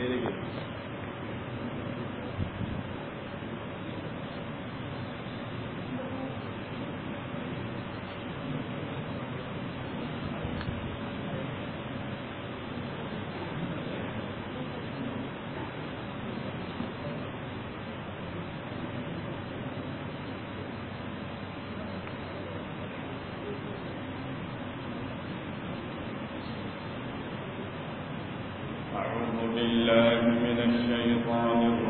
Neyle geliyor? الشيطان الرجيم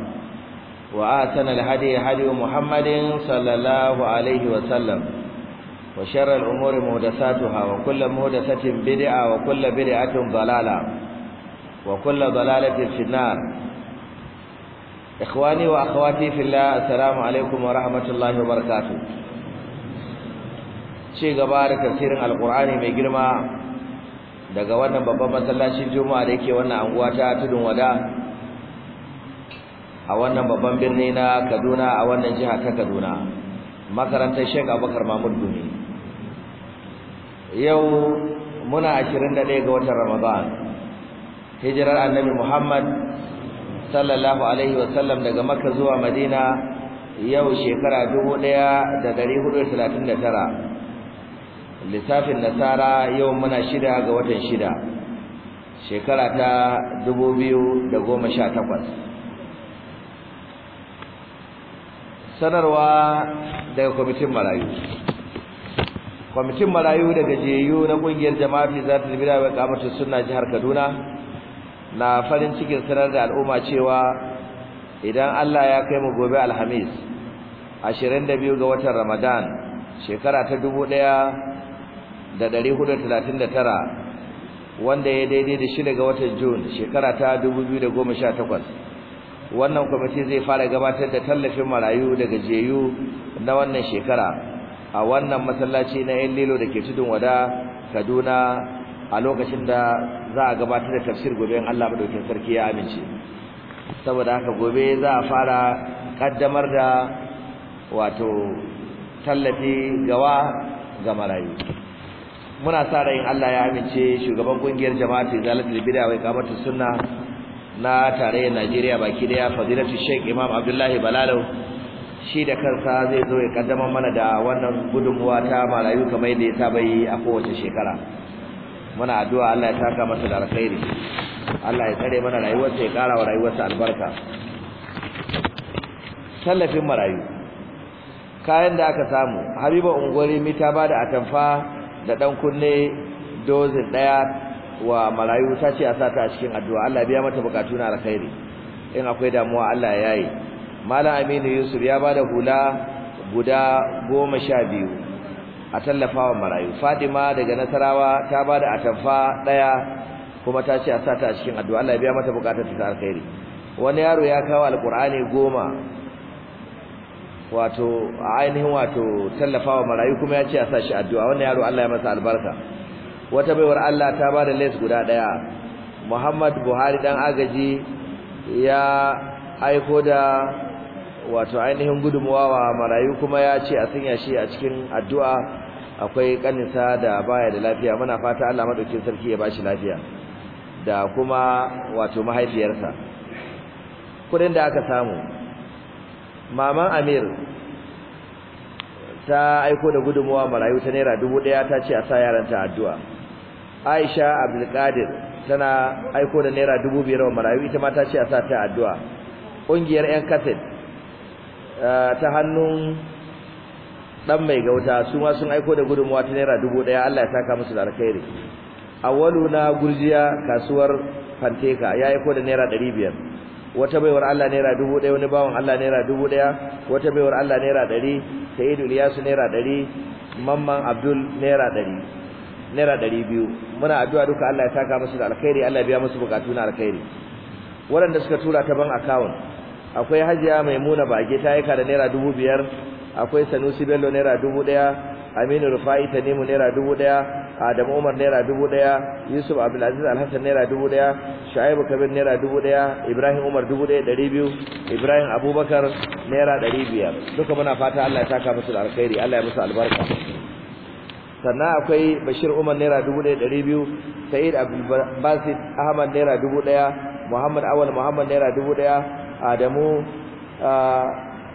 وآتن الهدي هدي محمد صلى الله عليه وسلم وشر الأمور مهدساتها وكل مهدسة بدعة وكل بدعة ضلالة وكل ضلالة في النار إخواني وأخواتي في الله السلام عليكم ورحمة الله وبركاته ci gaba da tafsirin alkur'ani mai girma daga wannan babban masallacin juma'a da yake wannan anguwa ta tudun wada a wannan babban birni na Kaduna a wannan jiha ta Kaduna makarantar Sheikh Abubakar Mahmud Gumi yau muna 21 ga watan Ramadan hijirar Annabi Muhammad sallallahu alaihi wasallam daga Makka zuwa Madina yau shekara 1439 lissafin nasara yau muna shida ga watan shida shekara ta 2018 sanarwa daga kwamitin marayu kwamitin marayu daga jeyu na kungiyar jama'a fi zata libira wa kamata suna jihar kaduna na farin cikin sanar da al'umma cewa idan allah ya kai mu gobe alhamis 22 ga watan ramadan shekara ta 1439 wanda ya daidai da shida ga watan june shekara ta 2018 wannan kwamiti zai fara gabatar da tallafin marayu daga jeyu na wannan shekara a wannan masallaci na yan lilo da ke tudun wada kaduna a lokacin da za a gabatar da tafsir gobe in allah maɗaukin sarki ya amince saboda haka gobe za a fara ƙaddamar da wato tallafi gawa ga marayu muna sa ran Allah ya amince shugaban kungiyar jama'a zalatul Bidawai kamar ta sunna na tare Najeriya baki daya fadilatu Sheikh Imam Abdullahi Balalo shi da kansa zai zo ya kaddama mana da wannan gudunmuwa ta marayu kamar yadda ya saba yi a kowace shekara muna addu'a Allah ya saka masa da alkhairi Allah ya tsare mana rayuwarsa ya kara wa rayuwarsa albarka tallafin marayu kayan da aka samu Habiba Ungwari mita ba da atamfa da dan kunne dozin daya wa marayu ta ce a sata a cikin addu'a Allah biya mata bukatu na alkhairi in akwai damuwa Allah ya yi malam Aminu Yusuf ya bada hula guda goma sha biyu a tallafawa marayu Fatima daga Nasarawa ta bada atamfa daya kuma ta ce a sata a cikin addu'a Allah biya mata bukatun ta alkhairi wani yaro ya kawo alqur'ani goma wato a ainihin wato tallafawa marayu kuma ya ce a sa shi addu'a wannan yaro Allah ya masa albarka wata baiwar Allah ta ba da les guda daya Muhammad Buhari dan agaji ya aiko da wato ainihin gudunmuwa marayu kuma ya ce a sanya shi a cikin addu'a akwai kaninsa da baya da lafiya muna fata Allah madaukin sarki ya bashi lafiya da kuma wato mahaifiyarsa kudin da aka samu maman Amir ta aiko da gudunmuwa marayu ta naira dubu ɗaya ta ce a sa yaranta addu'a Aisha Qadir tana aiko da naira 2500 wa marayu ita ma ta ce a sa ta addu'a kungiyar yan kafin eh, ta hannun dan mai gauta su ma sun aiko da gudunmuwa ta naira 1000 Allah ya saka musu da alkhairi awwalu na gurjiya kasuwar fanteka ya aiko da naira 500 wata baiwar Allah naira 1000 wani bawon Allah naira 1000 wata baiwar Allah naira 100 Sayyidu Ilyasu naira 100 Mamman Abdul naira 100 naira ɗari biyu muna addu'a duka Allah ya saka musu da alkhairi Allah ya biya musu bukatu na alkhairi waɗanda suka tura ta ban account akwai hajiya maimuna bage ta aika da naira dubu biyar akwai sanusi bello naira dubu ɗaya aminu rufa'i tanimu naira dubu ɗaya adamu umar naira dubu ɗaya yusuf abdulaziz alhassan naira dubu ɗaya shaibu kabir naira dubu ɗaya ibrahim umar dubu ɗaya ɗari biyu ibrahim abubakar naira ɗari biyar duka muna fata Allah ya taka musu da alkhairi Allah ya musu albarka sannan akwai Bashir Umar naira dubu biyu Said Abdul Basit Ahmad naira dubu daya Muhammad Awal Muhammad naira 1000 Adamu eh,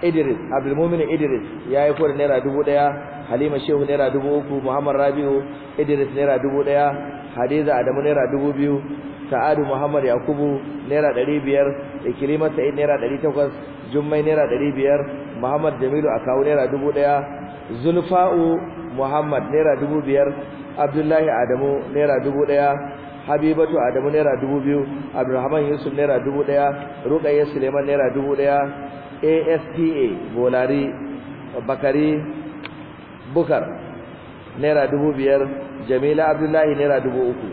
Idris Abdul Mumin Idris yi kore naira dubu daya Halima Shehu naira dubu uku Muhammad Rabiu Idris naira dubu daya Hadiza Adamu naira dubu biyu Sa'adu Muhammad Yakubu naira biyar Ikrima Said naira takwas Jummai naira biyar Muhammad Jamilu Akawu naira dubu daya Zulfa'u Muhammad naira dubu biyar Abdullahi Adamu naira dubu ɗaya Habibatu Adamu naira dubu biyu Abdulrahman Yusuf naira dubu ɗaya Rukayya, Suleiman naira dubu ɗaya ASPA Bolari Bakari Bukar naira dubu biyar Jamila Abdullahi naira dubu uku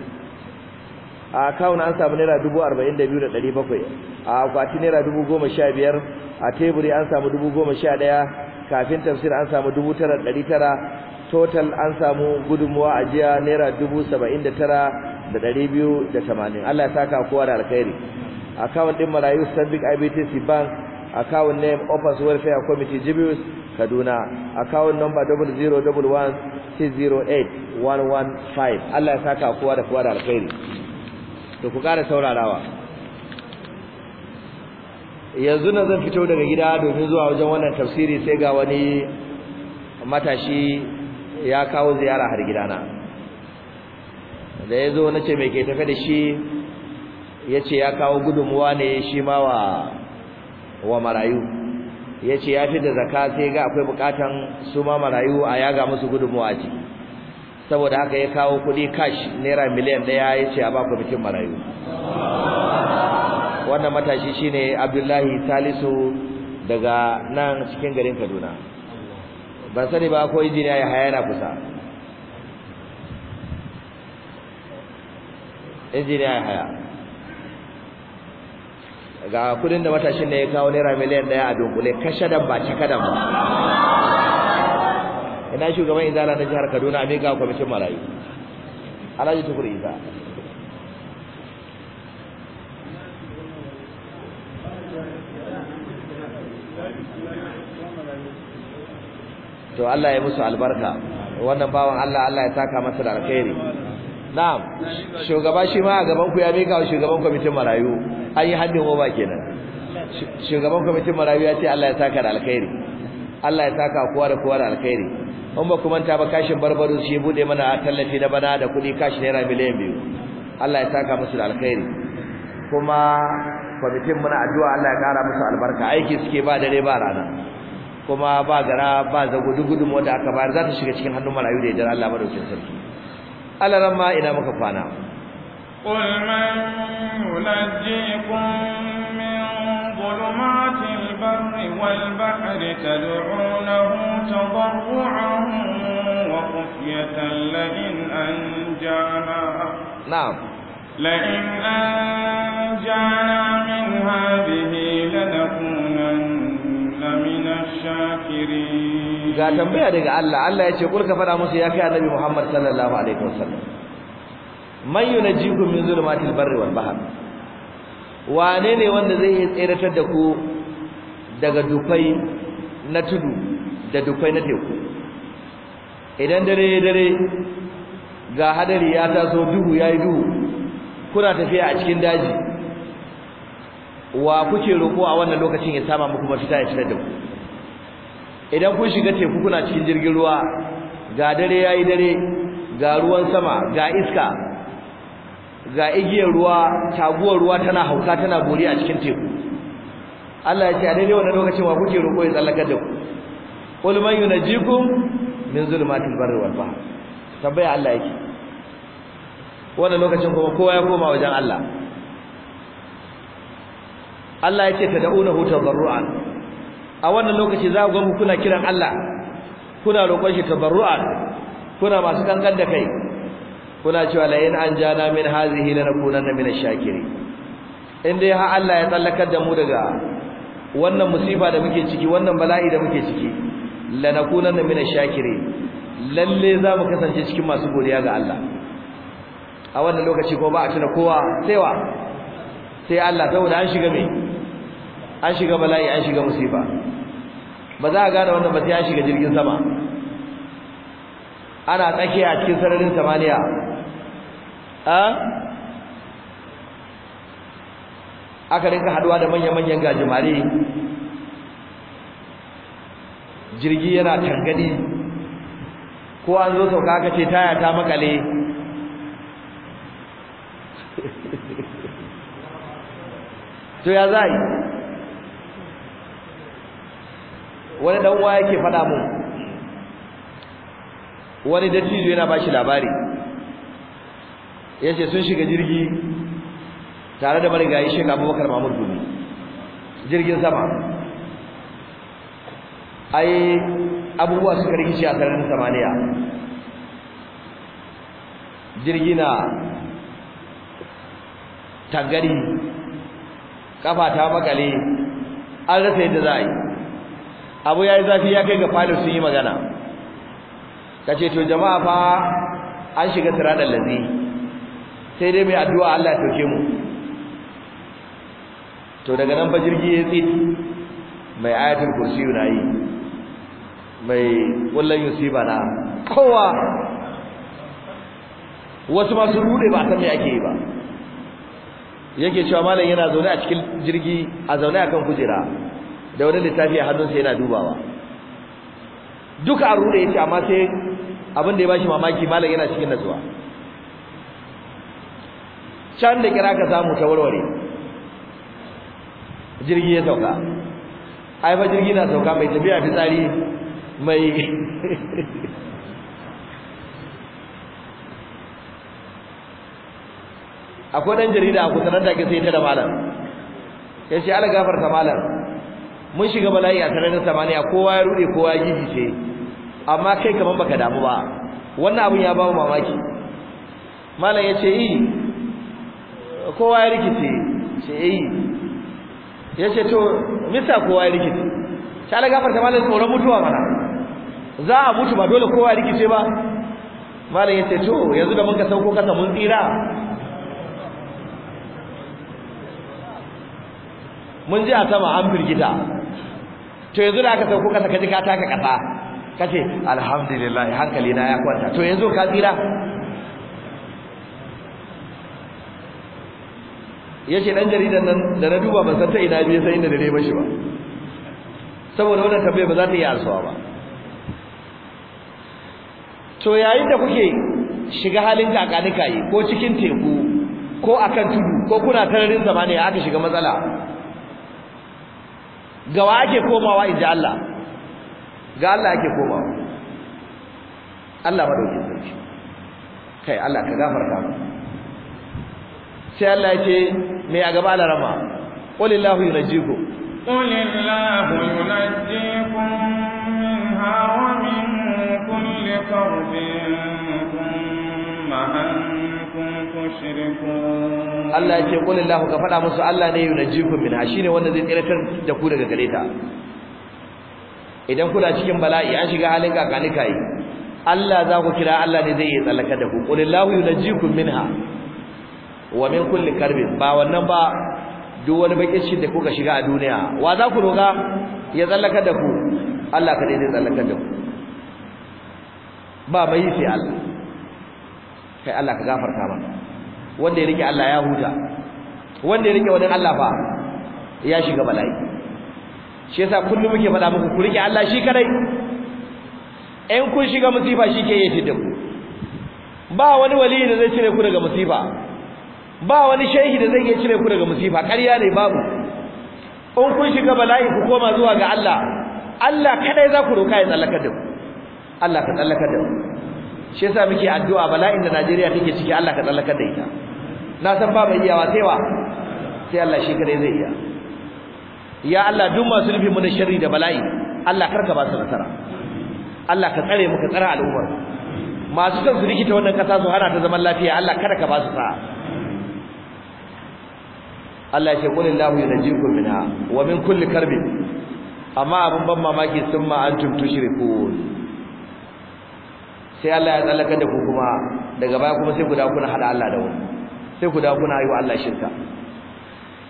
a kawun an samu naira dubu arba'in da biyu da ɗari bakwai a akwati naira dubu goma sha biyar a teburi an samu dubu goma sha ɗaya kafin tafsir an samu dubu tara ɗari tara total an samu gudunmuwa a jiya naira dubu saba'in da tara da ɗari biyu da tamanin Allah ya saka kowa da alkhairi account ɗin marayu stanbic ibtc bank account name offers welfare committee jibius kaduna account number double zero double one six zero eight one one five Allah ya saka kowa da kowa da alkhairi to ku ƙara saurarawa yanzu na zan fito daga gida domin zuwa wajen wannan tafsiri sai ga wani matashi ya kawo ziyara har gidana da ya zo na ce mai ke tafi da shi ya ce ya kawo gudunmuwa ne shi ma wa marayu ya ce ya fi da zaka sai ga akwai bukatan su ma marayu a yaga musu gudunmuwa ce saboda haka ya kawo kudi cash naira miliyan daya ya ce a ba kwamitin marayu wannan matashi shine abdullahi salisu daga nan cikin garin kaduna Ban sani ba ko injiniya ya hayana kusa injiniya ya haya ga kudin da matashin da ya kawo naira miliyan daya a dunkule dan ba dan ba ina shugaban izala na jihar kaduna a miƙa kwamishin marayu alhaji tukur isa to Allah ya musu albarka wannan bawan Allah Allah ya taka masa da alkhairi na'am shugaba shi ma a gaban ku ya mika wa shugaban kwamitin marayu an yi haddin oba kenan shugaban kwamitin marayu ya ce Allah ya taka da alkhairi Allah ya taka kowa da kowa da alkhairi in ba ku manta ba kashin barbaro shi bude mana tallafi na bana da kuɗi kashi naira miliyan biyu Allah ya taka musu da alkhairi kuma kwamitin muna addu'a Allah ya kara musu albarka aiki suke ba dare ba rana kuma ba gara ba zago dugudun wanda aka bayar za ta shiga cikin hannun marayu da jira Allah madaukakin sarki alaran ma ina muka kwana qul man yunajjikum min dhulumatil barri wal bahri tad'unahu tadarruan wa khufyatan la in anjana na'am la in min ga tambaya daga Allah Allah ya ce kul ka fada musu ya kai annabi Muhammad sallallahu alaihi wasallam man yunjikum min zulumatil barri wal bahr wane ne wanda zai tsiratar da ku daga dufai na tudu da dufai na teku idan dare dare ga hadari ya taso duhu yayi duhu kuna tafiya a cikin daji wa kuke roko a wannan lokacin ya sama muku mafita ya tsira da ku idan kun shiga teku kuna cikin jirgin ruwa ga dare yayi dare ga ruwan sama ga iska ga igiyar ruwa taguwar ruwa tana hauka tana bori a cikin teku Allah ya ce a daidai wannan lokacin wa kuke roƙo ya tsallakar da ku qul man yunajjikum min zulumatil barri wal bahr tabbaya Allah yake wannan lokacin kuma kowa ya koma wajen Allah Allah ya ce tad'unahu tadarruan a wannan lokaci za ku ga kuna kiran Allah kuna roƙon shi tabarru'a kuna masu kankan da kai kuna cewa la in anjana min hazihi lanakunanna min ash shakiri in dai ha Allah ya tsallakar da mu daga wannan musiba da muke ciki wannan bala'i da muke ciki lanakunanna min ash shakiri, lalle za mu kasance cikin masu godiya ga Allah a wannan lokaci ko ba a tuna kowa sai wa sai Allah saboda an shiga mai an shiga bala'i an shiga musiba ba za a gane wannan ba sai an shiga jirgin sama ana tsakiya a cikin sararin samaniya a aka rinka haduwa da manya-manyan gajimare jirgi yana tangani ko an zo sauka aka ce taya ta makale to ya za wani dan uwa yake faɗa mun wani dattijo yana bashi labari yace sun shiga jirgi tare da marigayi Sheikh Abubakar Mahmud Dumi jirgin sama ai abubuwa suka rikice a sararin samaniya jirgi na tangari kafa ta makale an rasa yadda za a yi abu yayi zafi ya kai ga falo sun yi magana kace to jama'a fa an shiga siradal lazi sai dai mai addu'a Allah ya sauke mu to daga nan ba jirgi ya tsit mai ayatul kursi na yi mai wallan yusiba na kowa wasu masu rude ba san me ake yi ba yake cewa malam yana zaune a cikin jirgi a zaune akan kujera da wani littafi a hannunsa yana dubawa duka a rude yake amma sai abin da ya bashi mamaki malam yana cikin natsuwa can da kira ka samu ta warware jirgi ya sauka ai ba jirgi na sauka mai tafiya fitsari mai akwai ɗan jarida a sanar da ke sai ta da malam ya ce ala gafarta malam mun shiga bala'i a sararin samaniya kowa ya rude kowa ya gigice amma kai kaman baka damu ba wannan abun ya ba mu mamaki malam yace yi kowa ya rikice ce yi yace to misa kowa ya rikice ta la gafarta malam tsoron mutuwa mana za a mutu ba dole kowa ya rikice ba malam yace to yanzu da mun ka sauko kasa mun tsira mun ji a sama an firgita to yanzu da aka sauko kasa kaji ka taka kasa kace alhamdulillah hankali na ya kwanta to yanzu ka tsira yace dan jaridan nan da na duba ban san ta ina biye sai inda dare ba shi ba saboda wannan tabbai ba za ta yi alsuwa ba to yayin da kuke shiga halin kakanika yi ko cikin teku ko akan tudu ko kuna tararin zamani aka shiga matsala ga wa ake komawa inji Allah ga Allah ake komawa Allah madaukin sarki kai Allah ka gafarta mu sai Allah ya ce me a gaba larama qulillahu yunjiku qulillahu yunjikum minha wa min kulli karbin thumma Allah ya ce qul ka faɗa musu Allah ne yunjiku min shine wanda zai tsiratar da ku daga gare ta idan kuna cikin bala'i an shiga halin kakanika kai Allah za ku kira Allah ne zai yi tsallaka da ku qul yunjiku yunjikum minha wa min kulli karbin ba wannan ba duk wani bakin shi da kuka shiga a duniya wa za ku roga ya tsallaka da ku Allah kadai zai tsallaka da ku ba mai sai Allah kai Allah ka gafarta ba. wanda ya rike Allah ya huta wanda ya rike wani Allah fa ya shiga bala'i shi yasa kullum muke faɗa muku ku rike Allah shi kadai in kun shiga musifa shi ke yi da ku ba wani wali da zai cire ku daga musifa ba wani shehi da zai iya cire ku daga musifa ƙarya ne babu in kun shiga bala'i ku koma zuwa ga Allah Allah kadai za ku roka ya tsallaka da ku Allah ka tsallaka da ku shi yasa muke addu'a bala'in da Najeriya take ciki Allah ka tsallakar da ita na san ba mai iyawa sai wa sai Allah shi kadai zai iya ya Allah duk masu rufe mu da sharri da bala'i Allah karka ba su nasara Allah ka tsare mu ka tsare al'ummar masu son su rikita wannan kasa su hana ta zaman lafiya Allah kada ka ba su sa'a Allah ya ce qul illahu yunjikum minha wa min kulli karbin amma abun ban mamaki sun ma antum tushrikun sai Allah ya tsallaka da ku kuma daga baya kuma sai ku dawo kuna hada Allah da wani sai ku dawo kuna yi wa Allah shirka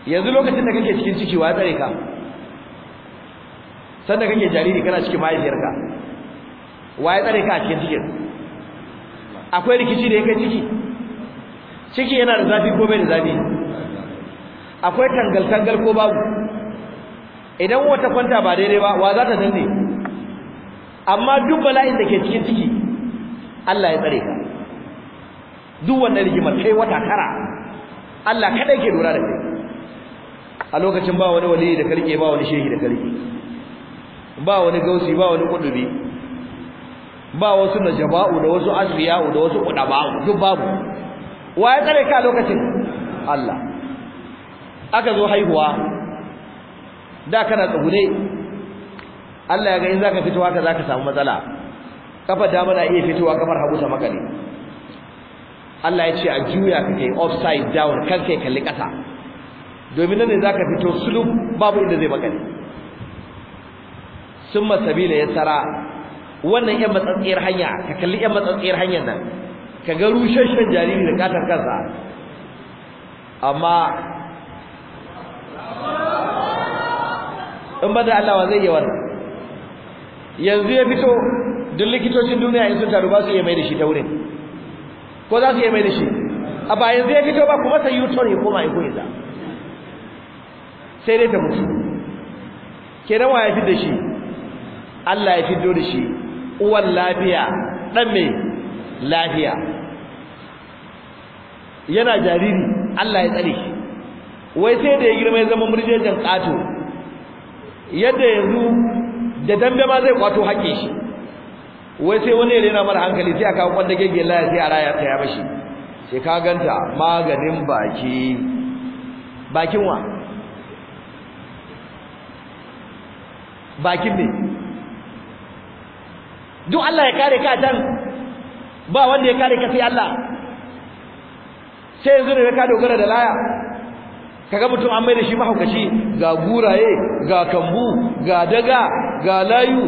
yanzu lokacin da kake cikin ciki wa tsare ka Sannan kake jariri kana cikin mahaifiyarka wa ya tsare ka a cikin cikin akwai rikici da ya kai ciki ciki yana da zafi ko bai da zafi akwai tangal-tangal ko babu idan wata kwanta ba daidai ba wa za ta danne amma duk bala'in da ke cikin ciki Allah ya tsare ka duk wannan rigimar kai wata tara Allah kadai ke lura da kai a lokacin ba wani wali da karke ba wani shehi da karke ba wani gausi ba wani kudubi ba wasu najaba'u da wasu asriya'u da wasu kudaba'u duk babu wa ya tsare ka lokacin Allah aka zo haihuwa da kana tsugune Allah ya ga in zaka fito haka zaka samu matsala kafar dama na iya fitowa kafar hagu ta makale Allah ya ce a juya ka kai upside down kan kai kalli ƙasa domin nan ne za ka fito sulub babu inda zai makale summa da ya tsara wannan yan matsatsiyar hanya ka kalli yan matsatsiyar hanyar nan ka ga rushashen jariri da katar kansa amma in ba da Allah wa zai yi wannan yanzu ya fito duk likitocin duniya in sun taru ba su iya mai da shi ta wurin ko za su iya mai da shi a ba yanzu fito ba kuma sai yuton ya koma ya koyi sai dai ta mutu kenan wa ya fi da shi Allah ya fito da shi uwan lafiya dan mai lafiya yana jariri Allah ya tsare shi wai sai da ya girma ya zama murjejin kato yadda yanzu da dambe ma zai kwato hake shi wai sai wani yana mara hankali sai aka kwanda gege laya sai a raya ta ya bashi sai ka ganta maganin baki bakin wa bakin ne duk Allah ya kare ka can ba wanda ya kare ka sai Allah sai yanzu ne ka dogara da laya kaga mutum an mai da shi mahaukaci ga guraye ga kambu ga daga ga layu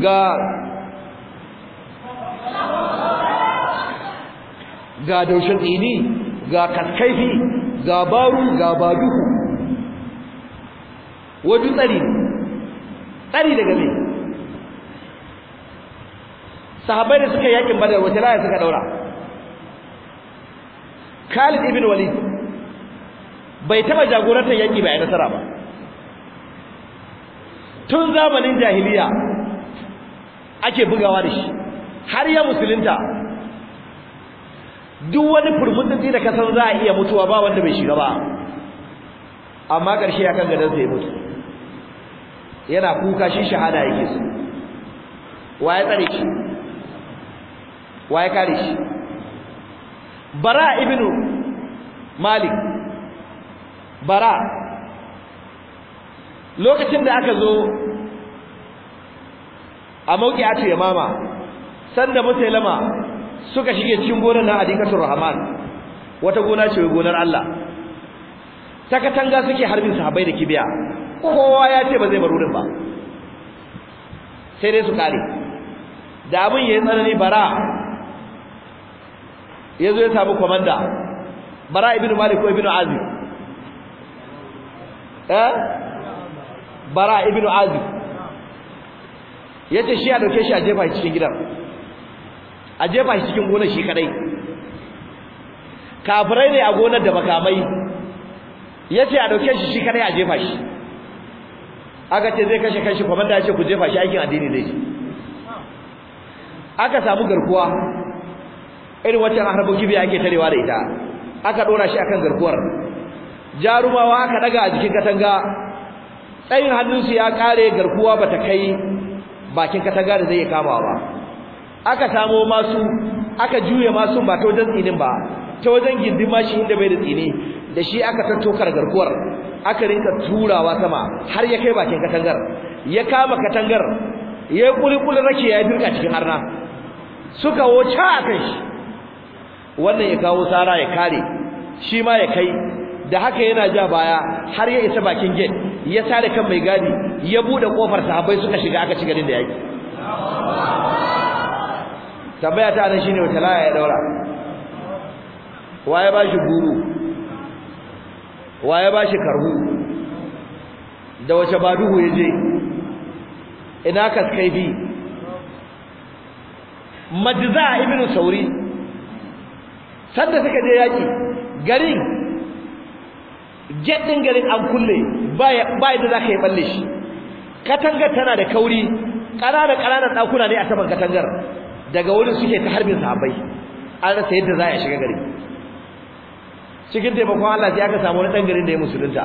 ga ga daushen tsini ga kaskaifi ga baru ga baduhu wajen tsari tsari daga mai sahabai da suka yakin badar wata raya suka daura Khalid ibn Walid bai taba jagorantar yaki ba ya nasara ba tun zamanin jahiliya ake bugawa da shi har ya musulunta duk wani furmutsi da kasan za a iya mutuwa ba wanda bai shiga ba amma ƙarshe akan gadon sa ya mutu yana kuka shi shahada yake so waye tsare shi waye kare shi bara ibnu malik bara lokacin da aka zo a mauki a ce mama sanda lama. suka shige cikin gonar na adikatul rahman wata gona ce gonar Allah ta suke harbin sahabbai da kibiya kowa ya ce ba zai bar wurin ba sai dai su kare da abin yayin tsanani bara yazo ya samu komanda bara ibnu malik ko ibnu azib eh bara ibnu azib yace shi a dauke shi a jefa cikin gidan a jefa shi cikin gonar shi kadai kafirai ne a gonar da makamai yace a dauke shi shi kadai a jefa shi aka ce zai kashe kanshi komanda ya ce ku jefa shi aikin addini ne. aka samu garkuwa irin wacce harboki biya ake tarewa da ita aka dora shi akan garkuwar jarumawa aka daga a jikin katanga tsayin hannunsu ya kare garkuwa bata kai bakin katanga da zai kama ba aka samo masu aka juya masu ba ta wajen tsinin ba ta wajen gindin mashi inda bai da tsini da shi aka tokar garkuwar aka rinka turawa sama har ya kai bakin katangar ya kama katangar ya yi kulikulin rake ya dirka cikin harna suka wuce a kai shi wannan ya kawo tsara ya kare shi ma ya kai da haka yana ja baya har ya isa bakin gate ya sare kan mai gadi ya buɗe kofar sahabbai suka shiga aka ci garin da yaki tabbaya ta nan shine wata laya ya daura waye shi guru waye shi karhu da wace ya je? ina bi majza ibnu sauri sanda suka je yaki garin ɗin garin an kulle baya baya da zaka yi balle shi katangar tana da kauri ƙananan ƙananan ɗakuna ne a saman katangar daga wurin suke ta harbin sahabai, an rasa yadda za a shiga gari cikin taimakon Allah sai aka samu wani dan garin da ya musulunta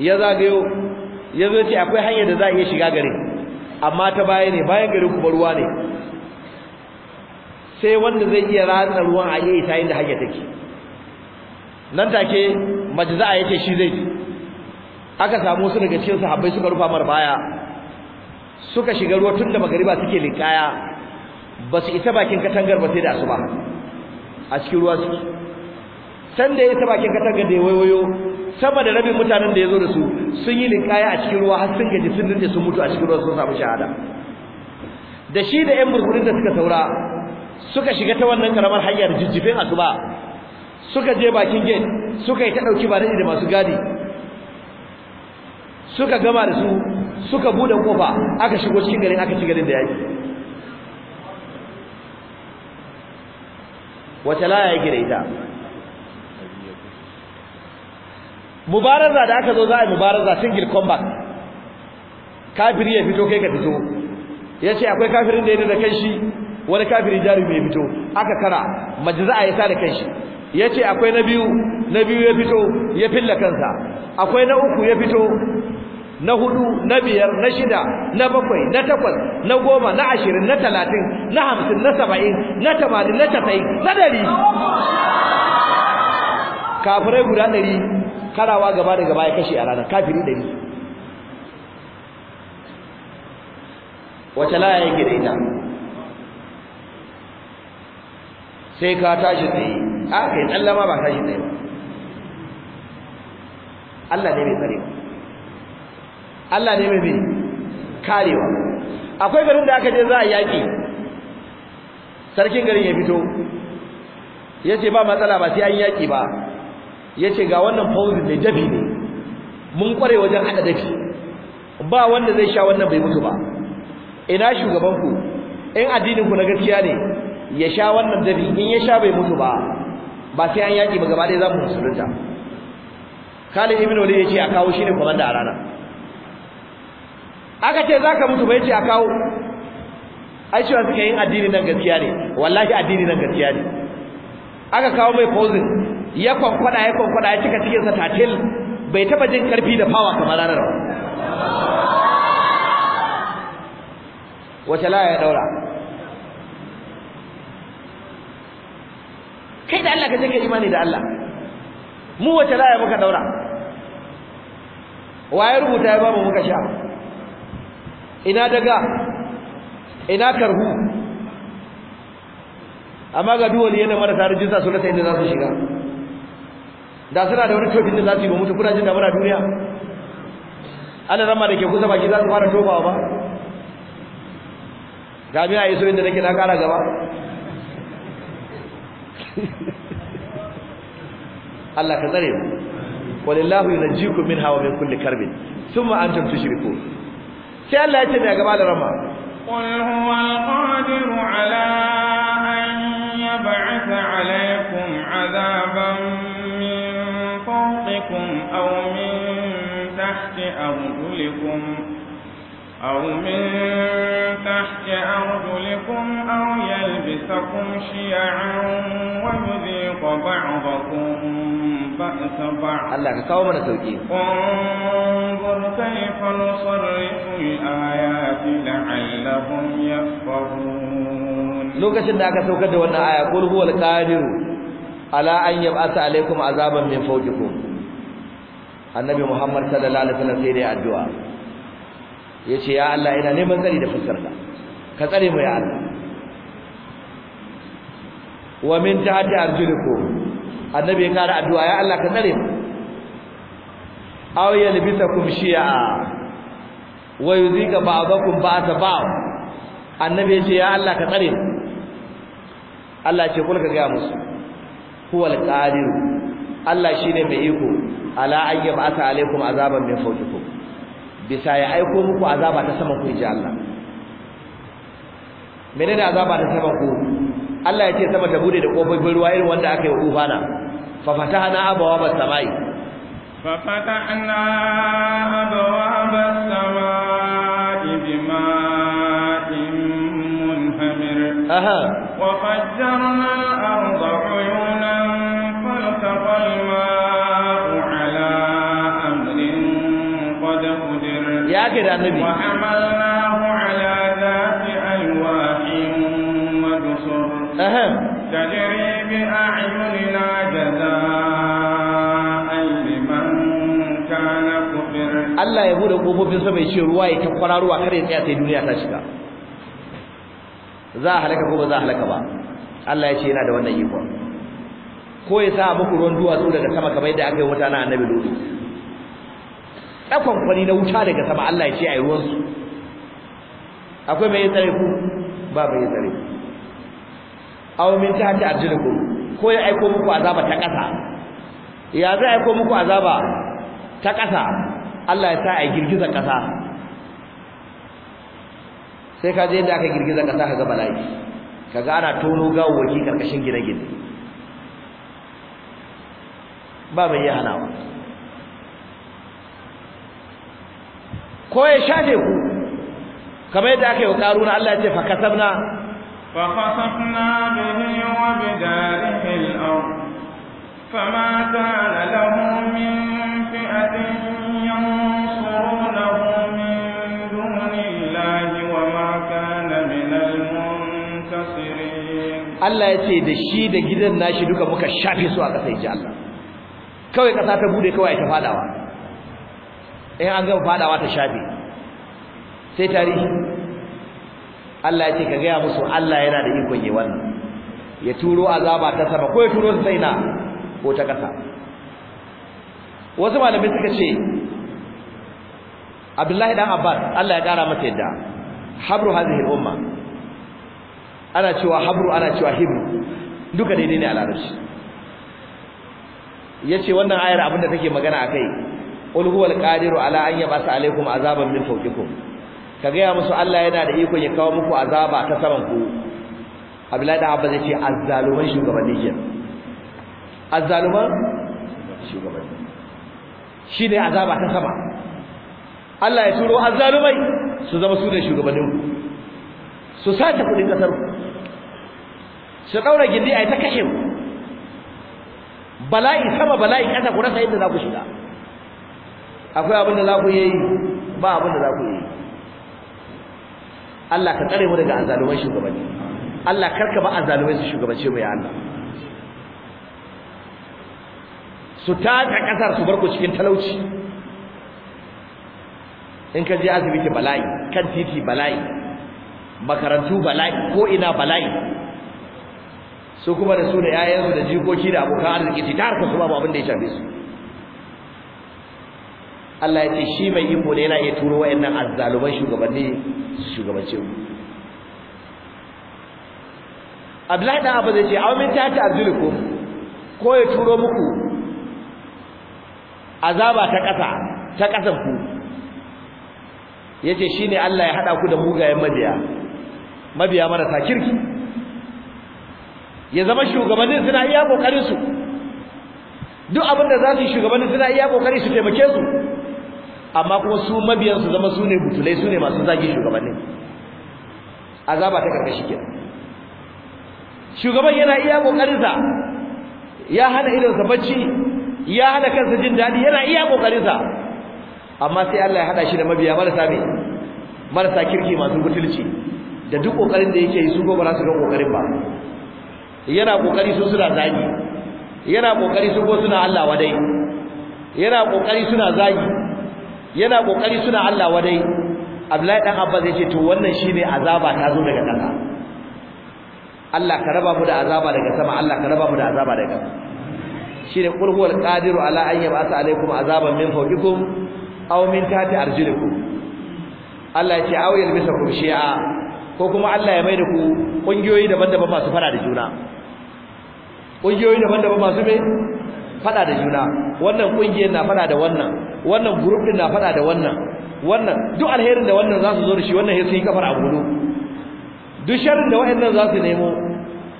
ya zagayo ya zo ce akwai hanyar da za a iya shiga gari. amma ta baya ne bayan gari kuma ruwa ne sai wanda zai iya ratsa ruwan a iya ta inda hanya take nan take majza'a yake shi zai aka samu su daga cikin sahabbai suka rufa mar baya suka shiga ruwa tun da magariba suke linkaya Basu su isa bakin katangar ba sai da asuba a cikin ruwa su san da ya isa bakin katangar da ya waiwayo sama da rabin mutanen da ya zo da su sun yi linkaya a cikin ruwa har sun gaji sun dinde sun mutu a cikin ruwa sun samu shahada da shi da yan burburin da suka saura suka shiga ta wannan karamar hanyar jijjifin asuba suka je bakin gate suka yi ta dauki ba da masu gadi suka gama da su suka bude kofa aka shigo cikin garin aka ci garin da yaki wace laya yake da ita mubaraza da aka zo za a yi mubaraza single combat kafiri ya fito kai ka fito ya ce akwai kafirin da ya da kan wani kafiri jarumi ya fito aka kara majiza'a ya sa da kan ya ce akwai na biyu na biyu ya fito ya filla kansa akwai na uku ya fito na hudu na biyar na shida na bakwai na takwas na goma na ashirin na talatin na hamsin na saba'in na tamanin na tasa'in na dari kafirai guda dari karawa gaba da gaba ya kashe a ranar kafiri dari wace laya yake da ita sai ka tashi tsaye a kai tsallama ba tashi tsaye ba Allah ne mai tsare ba Allah ne mai karewa akwai garin da aka je za a yaki sarkin garin ya fito yace ba matsala ba sai an yaki ba yace ga wannan fauzi da dafi ne mun kware wajen hada dafi ba wanda zai sha wannan bai mutu ba ina shugaban ku in addinin ku na gaskiya ne ya sha wannan dafi in ya sha bai mutu ba ba sai an yaki ba gaba ɗaya za mu musulunta Khalid ibn Walid yace a kawo shi ne komanda a ranar aka ce za ka mutu bai ce a kawo ai cewa suka yin addini nan gaskiya ne wallahi addini nan gaskiya ne aka kawo mai fauzin ya kwankwada ya kwankwada ya cika cikinsa tatil bai taba jin karfi da fawa kamar ranar ba wace laya ya daura kai da Allah ka je ka imani da Allah mu wace laya muka daura waye rubuta ya mu muka sha ina daga ina karhu amma ga duwali yana marasa jinsa su rasa inda za su shiga da suna da wani tofin da za su yi ba mutu kuna jin da mara duniya ana zama da ke kusa baki za su fara tobawa ba ga a yi soyin da nake na kara gaba Allah ka tsare mu walillahu yunjikum minha wa min kulli karbin thumma antum tushrikun sai Allah ya ce daga malarama qul huwal qadiru ala an yab'atha alaykum azaban min fawqikum aw min tahti arjulikum أو من تحت أرجلكم أو يلبسكم شيعا ويذيق بعضكم بأس بعض الله كاوم التوكيد انظر كيف نصرف الآيات لعلهم يفقهون لوكاشن da aka saukar da wannan aya qul huwal qadir ala an yab'atha alaykum azaban min fawqikum annabi muhammad sallallahu alaihi wasallam sai dai addu'a yace ya Allah ina neman tsari da fuskarka ka tsare mu ya Allah wa min tahti arjuliku annabi ya kara addu'a ya Allah ka tsare mu aw libitakum shi'a wa yuzika ba'dakum ba'd ba'd annabi yace ya Allah ka tsare mu Allah ce ka ga musu huwal qadir Allah shine mai iko ala ayyaba ta alaikum azaban min fawqikum bisa ya aiko muku azaba ta sama ku ji Allah menene azaba ta sama ku Allah ya ce sama ta bude da kofofin ruwa irin wanda aka yi ufana tufana fa fatahna abwaaba samai fa fatahna abwaaba samai bima'in munhamir aha wa fajjarna al-ardha uyunan faltaqa ake yi da annabi Allah ya bude kofofin sama ya ce ruwa ya takwara ruwa kare tsaya sai duniya ta shiga za a halaka ko ba za a halaka ba Allah ya ce yana da wannan iko ko ya sa muku ruwan duwatsu daga sama kamar yadda aka yi wata na annabi Lut dakon kwani na wuta daga sama Allah ya ce ai ruwan su akwai mai tsare ku ba mai tsare ku aw min tahti ku ko ya aiko muku azaba ta kasa ya zai aiko muku azaba ta kasa Allah ya sa ai girgiza kasa sai ka je da aka girgiza kasa ka ga bala'i ga ana tono gawo gawawaki karkashin gine-gine ba mai yi hanawa ko ya shafe ku kamar yadda aka yi wa karuna Allah ya ce fa kasabna fa kasabna bihi wa bidarihi al-ard fama kana lahu min fi'atin yansurunahu min duni illahi wa ma kana min al-muntasirin Allah ya ce da shi da gidan nashi duka muka shafe su a kasai ji Allah kawai ƙasa ta bude kawai ta fadawa in an gama fadawa ta shafe sai tarihi Allah ya ce ka gaya musu Allah yana da ikon yi wannan ya turo azaba ta sama ko ya turo su sai na ko ta kasa wasu malamai suka ce Abdullahi dan Abbas Allah ya kara masa yadda habru hadhihi umma ana cewa habru ana cewa hibru duka daidai ne a larabci yace wannan ayar abinda take magana akai qul huwal qadiru ala an yabasa alaykum azaban min fawqikum ka gaya musu Allah yana da iko ya kawo muku azaba ta saman ku Abdullahi da Abba zai ce azzaluman shugabanni kenan azzaluman shugabanni shine azaba ta sama Allah ya turo azzalumai su zama su ne shugabannin ku su sace kudin kasar ku su daura gindi ai ta kashe ku bala'i sama bala'i kada ku rasa inda za ku shiga akwai abin da za ku yi ba abin da za ku yi Allah ka tsare mu daga azalumai shugabanni Allah karka ba azalumai su shugabance mu ya Allah su taka kasar su barku cikin talauci in ka je asibiti bala'i kan titi bala'i makarantu bala'i ko ina bala'i su kuma da su da yayansu da jikoki da abokan arziki ta harkar su babu abin da ya shafe su Allah ya ce shi mai iko ne yana iya turo wayannan azzaluman shugabanni su shugabance mu Abdullahi da Abu zai ce a min tati azzulukum ko ya turo muku azaba ta kasa ta ƙasar ku yace shine Allah ya hada ku da mugayen mabiya mabiya marasa kirki ya zama shugabannin suna iya kokarin su duk abin da za su yi shugabannin suna iya kokari su taimake su amma kuma su mabiyan su zama su ne butulai su ne masu zagi shugabannin azaba ta karkashi ke shugaban yana iya kokarinsa ya hana sa bacci ya hana kansa jin dadi yana iya kokarinsa amma sai Allah ya hada shi da mabiya marasa me marasa kirki masu butulci da duk kokarin da yake yi su gobe za su ga kokarin ba yana kokari su suna zagi yana kokari su ko suna Allah wadai yana kokari suna zagi yana kokari suna Allah wadai Abdullahi dan Abbas yace to wannan shine azaba ta zo daga ƙasa Allah ka raba mu da azaba daga sama Allah ka raba mu da azaba daga shine qul qadiru ala an yab'atha alaykum azaban min fawqikum aw min tahti arjulikum Allah yace aw yalbisakum shi'a ko kuma Allah ya maida ku kungiyoyi daban-daban masu fara da juna kungiyoyi daban-daban masu me fada da juna wannan kungiyar na fada da wannan wannan group din na fada da wannan wannan duk alherin da wannan za su zo da shi wannan sai kafar a gudu duk sharrin da wayannan za su nemo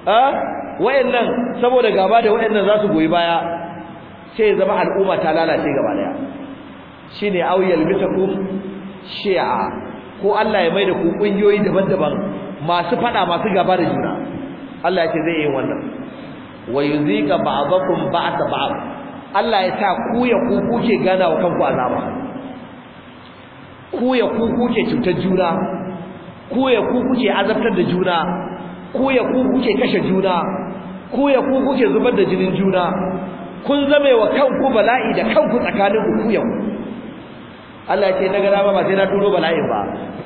a wayannan saboda gaba da wayannan za su goyi baya sai zama al'umma ta lalace gaba daya shine auyal bisaku shi'a ko Allah ya maida ku kungiyoyi daban-daban masu fada masu gaba da juna Allah ya ce zai yi wannan wa yuzika ba'dakum ba'da ba'd Allah ya sa ku ya ku kuke gana wa kanku azaba ku ya ku kuke cutar juna ku ya ku kuke azabtar da juna ku ya ku kuke kashe juna ku ya ku kuke zubar da jinin juna kun zame wa kanku bala'i da kanku tsakanin ku ku ya ku Allah ce na gara ba sai na turo bala'in ba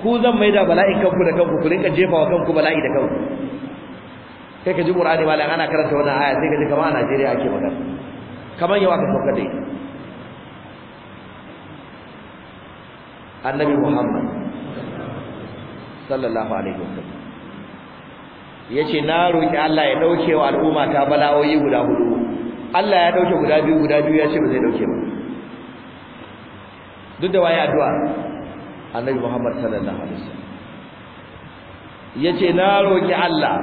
ku zan mai da bala'in kanku da kanku ku rinka jefa wa kanku bala'i da kanku kai ka ji Qur'ani malam ana karanta wannan aya sai ka ji kamar a Najeriya ake magana kamar yau aka saukar da ita annabi muhammad sallallahu alaihi wasallam yace na roki Allah ya dauke wa al'umma ta bala'o'i guda hudu Allah ya dauke guda biyu guda biyu yace ba zai dauke ba duk da waye addu'a annabi muhammad sallallahu alaihi wasallam yace na roki Allah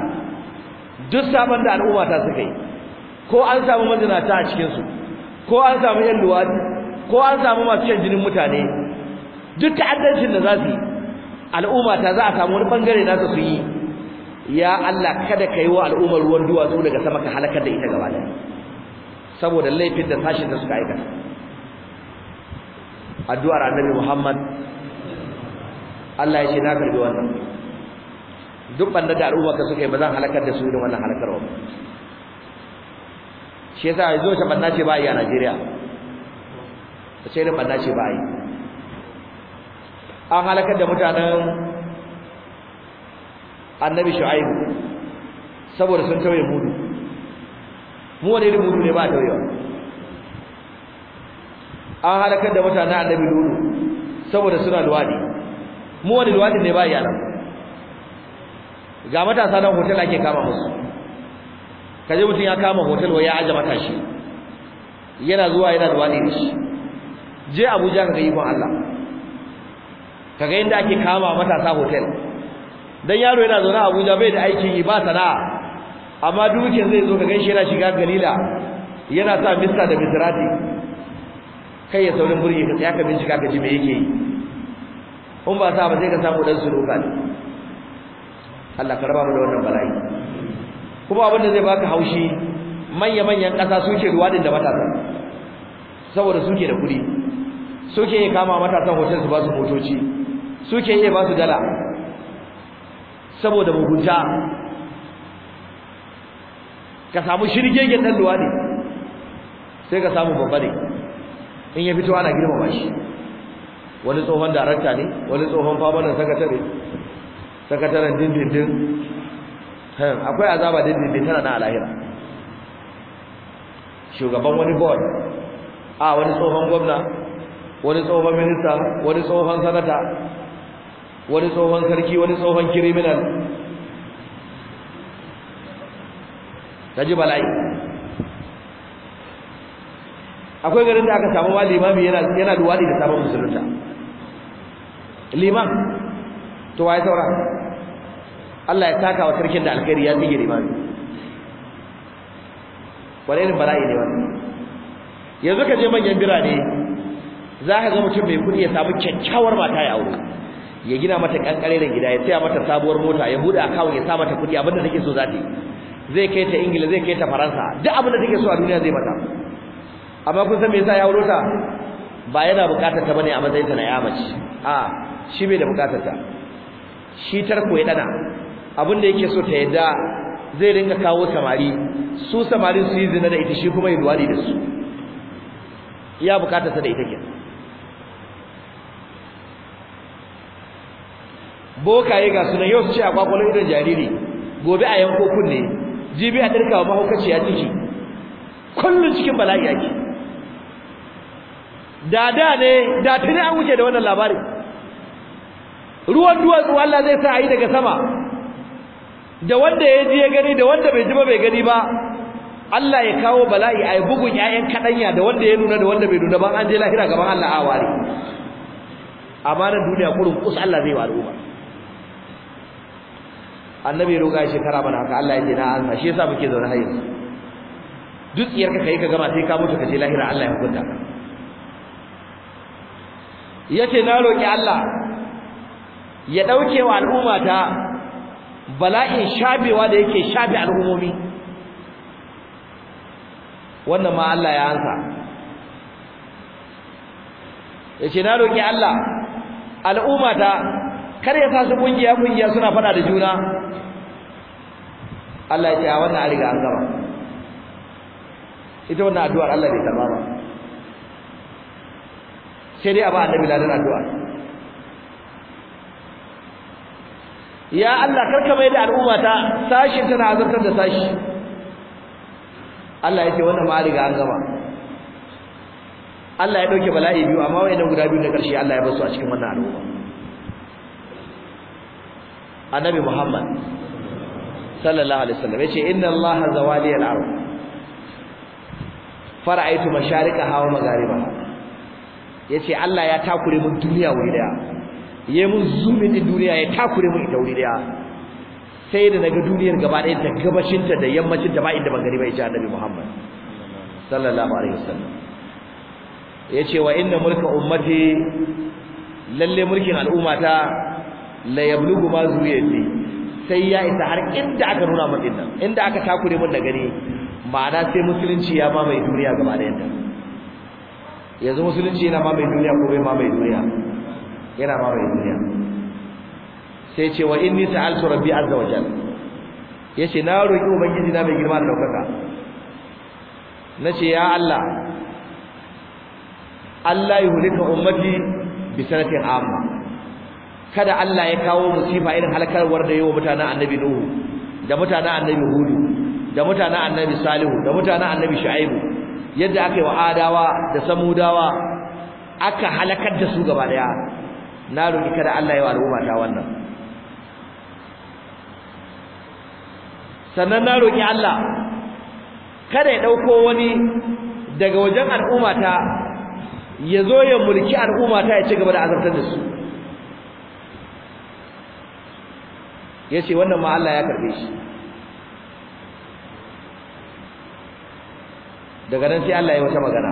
duk sabon da al'umma ta suka yi ko an samu mazinata a cikinsu ko an samu yan luwadi ko an samu masu yan jinin mutane duk ta'addancin da za su yi al'umma ta za a samu wani bangare na su yi ya Allah kada ka yi wa al'ummar ruwan duwatsu daga sama ka halakar da ita gaba ɗaya saboda laifin da sashin da suka aikata addu'ar annabi Muhammad Allah ya ce na karbi wannan duk banda da al'umma ka suka yi ba zan halakar da su irin wannan halakarwa shi yasa yanzu wata banna ce ba yi a Najeriya wace irin banna ce ba yi an halakar da mutanen annabi shu'aibu saboda sun tauye mudu mu wani irin mudu ne ba tauyewa an halakar da mutanen annabi lulu saboda suna luwadi mu wani luwadi ne ba yi a nan ga matasa nan hotel ake kama musu kaje mutum ya kama hotel wa ya aje mata shi yana zuwa yana da wani shi je Abuja ka ga Allah kaga inda ake kama matasa hotel dan yaro yana zaune a Abuja bai da aikin yi ba sana'a amma dukin zai zo ka ganshi yana shiga galila yana sa mista da misrati kai ya saurin burge ka tsaya ka bincika ka ji me yake yi in ba sa ba sai ka samu dan su ne Allah ka raba mu da wannan bala'i kuma abin da zai baka haushi manya-manyan ƙasa suke ruwadin da matasa saboda suke da kuɗi suke yi kama matasan hotel su ba su motoci suke yi ba su dala saboda mugunta ka samu shirgegen ɗan ne sai ka samu babba ne in ya fito ana girmama shi wani tsohon darakta ne wani tsohon fabanin sakatare sakataren dindindin akwai azaba daidai tana na alahira shugaban wani board a wani tsohon gwamna wani tsohon minista wani tsohon sanata wani tsohon sarki wani tsohon criminal ji bala'i akwai garin da aka samu limami yana yana duwadi da sabon musulunta liman to waye saura Allah ya taka wa sarkin da alkhairi ya tsige limami wani bala'i ne wani yanzu ka je manyan birane za ka ga mutum mai kuɗi ya samu kyakkyawar mata ya aure ya gina mata kankare da gida ya tsaya mata sabuwar mota ya buɗe akawun ya sa mata kuɗi abinda take so za ta yi zai kai ta ingila zai kai ta faransa duk abinda take so a duniya zai mata amma kun san me yasa ya aure ta ba yana bukatar ta bane a matsayin ta na ya a shi bai da bukatar ta shi tarko ya dana abin da yake so ta yadda zai ringa kawo samari su samarin su yi zina da ita shi kuma yi duwali da su ya bukata ta da ita kenan bokaye ga sunan yau su ce a kwakwalo idan jariri gobe a yanko kunne jibi a dirkawa mahaukaci ya ciki kullum cikin bala'i ake da da ne da tuni an wuce da wannan labarin ruwan duwatsu Allah zai sa a yi daga sama da wanda ya ji ya gani da wanda bai ji ba bai gani ba Allah ya kawo bala'i ai bugun ƴaƴan kadanya da wanda ya nuna da wanda bai nuna ba an je lahira gaban Allah a ware amanar duniya kurin kus Allah zai waro ba annabi ya roƙa shekara bana haka Allah ya ce na alfa shi yasa muke zaune har duk iyar ka kai ka gama sai ka mutu ka je lahira Allah ya hukunta ka yace na roƙi Allah ya dauke wa al'umma ta. bala'in shabewa da yake shabe al'ummomi wannan ma Allah ya ansa yace na roki Allah al'ummata kar ya sa su kungiya kungiya suna fada da juna Allah ya ce a wannan an riga an gama ita wannan addu'ar Allah bai karba sai dai a ba annabi ladan addu'a ya Allah karka mai da al'umma ta sashin tana azartar da sashi Allah ya ce wannan ma riga an gama Allah ya dauke bala'i biyu amma wayannan guda biyu na karshe Allah ya basu a cikin wannan al'umma annabi Muhammad sallallahu alaihi wasallam yace inna Allah zawali al-ard fara'aitu mashariqaha wa magharibaha yace Allah ya takure mun duniya wuri daya ya mun zumin duniya ya takure mun ita wuri daya sai da daga duniyar gaba ɗaya da gabashinta da yammacinta ba inda ban gari ba ya ce annabi muhammad sallallahu alaihi wasallam ya ce wa inna mulka ummati lalle mulkin al'ummata la yablugu ma zuriyati sai ya isa har inda aka nuna mun dinnan inda aka takure mun da gani ma'ana sai musulunci ya mamaye duniya gaba ɗaya yanzu musulunci yana mamaye duniya ko bai mamaye duniya yana mamaye duniya sai ce wa inni sa'altu rabbi azza wa jalla yace na roki ubangiji na mai girma da daukaka nace ya Allah Allah ya hulika ummati bi sanatin amma kada Allah ya kawo musifa irin halkarwar da yawa mutanen annabi Nuhu da mutanen annabi hudu da mutanen annabi Salihu da mutanen annabi Shu'aibu yadda aka yi wa Adawa da Samudawa aka halakar da su gaba daya na roki kada Allah ya al'umma ta wannan sannan na roki Allah kada ya dauko wani daga wajen al'umma ta ya zo ya mulki al'umma ta ya ci gaba da azartar da su yace wannan ma Allah ya karbe shi daga nan sai Allah ya wata magana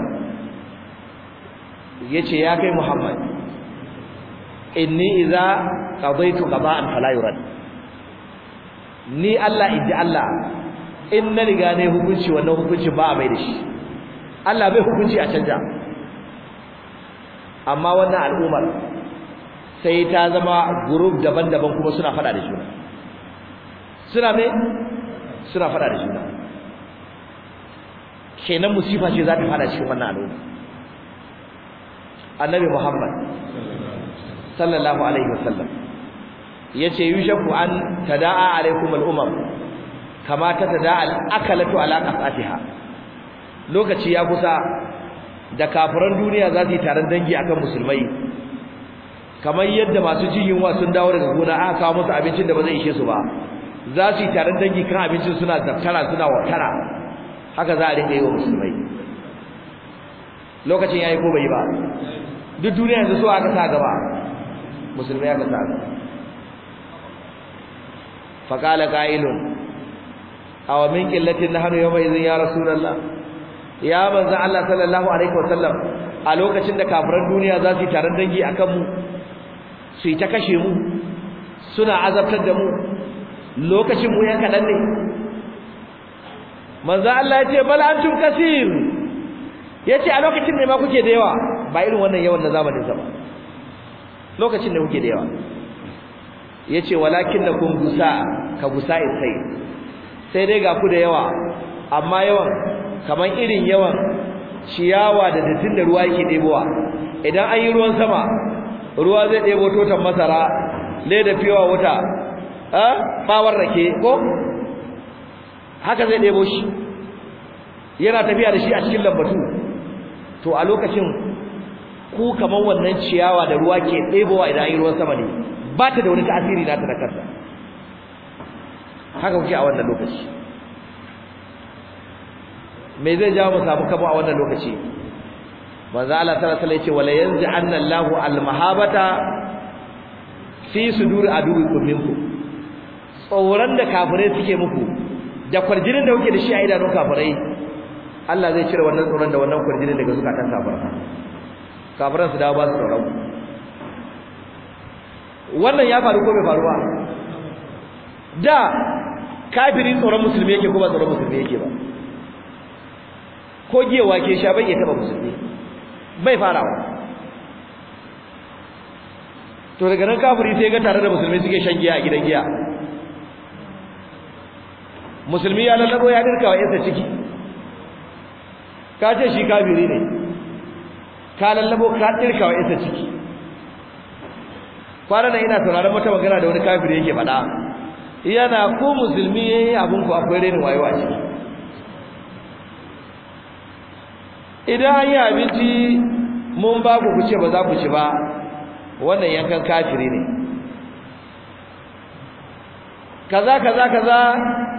yace ya kai Muhammad inni idza qadaytu qada'an fala yurad ni Allah idda Allah in na riga ne hukunci wannan hukunci ba mai da shi Allah bai hukunci a canja amma wannan al'ummar sai ta zama group daban-daban kuma suna fada da juna suna me suna fada da juna kenan musifa ce za ta fada cikin wannan al'umma annabi Muhammad sallallahu alaihi wasallam yace yushaku an tadaa alaikum al-umam kama ta tadaa al-akalatu ala qasatiha lokaci ya kusa da kafiran duniya za su yi taron dangi akan musulmai kamar yadda masu jin wa sun dawo daga gona aka kawo musu abincin da ba zai ishe su ba za su yi taron dangi kan abincin suna zakara suna wakara haka za a rike yi wa musulmai lokacin yayi ko bai ba duk duniya yanzu so aka sa gaba musulmai ya sa gaba fa qala qailun aw min qillatin nahnu yawma idhin ya rasulullah ya manzo Allah sallallahu alaihi wasallam a lokacin da kafiran duniya za su yi taron dangi akan mu su yi ta kashe mu suna azabtar da mu lokacin mu yan kadan ne manzo Allah ya ce bal antum kasir yace a lokacin ne ma kuke da yawa ba irin wannan yawan na zamanin sa ba lokacin da kuke da yawa yace kun gusa ka gusa sai sai dai ga ku da yawa amma yawan kaman irin yawan ciyawa da dattin da ruwa yake debowa idan an yi ruwan sama ruwa zai debo totan masara le da fiwa wuta eh bawar rake ko haka zai debo shi yana tafiya da shi a cikin lambatu to a lokacin ku kamar wannan ciyawa da ruwa ke ɗebowa idan yi ruwan sama ne ba ta da wani ta'asiri na ta da kanta haka kuke a wannan lokaci me zai jawo mu samu kabo a wannan lokaci manzo Allah sallallahu alaihi wasallam yanzu ce wala yanzu al mahabata fi suduri aduwikum minkum tsoron da kafirai suke muku da kwarjinin da kuke da shi a idanun kafirai Allah zai cire wannan tsoron da wannan kwarjinin daga zukatan kafirai kafiran su dawo ba su tsoron wannan ya faru ko bai faru ba da kafiri tsoron musulmi yake ko ba tsoron musulmi yake ba ko giyawa ke sha bai taba musulmi bai farawa to daga nan kafiri sai ga tare da musulmi suke shan giya a gidan giya musulmi ya lallabo ya dirka wa yansa ciki ka ce shi kafiri ne ka lallabo ka tsirka ita isa ciki kwana nan ina sauraron mata magana da wani kafiri yake faɗa yana ko musulmi yayi abun ku akwai reni wayewa ciki idan an yi abinci mun ba ku kuce ba za ku ci ba wannan yankan kafiri ne kaza kaza kaza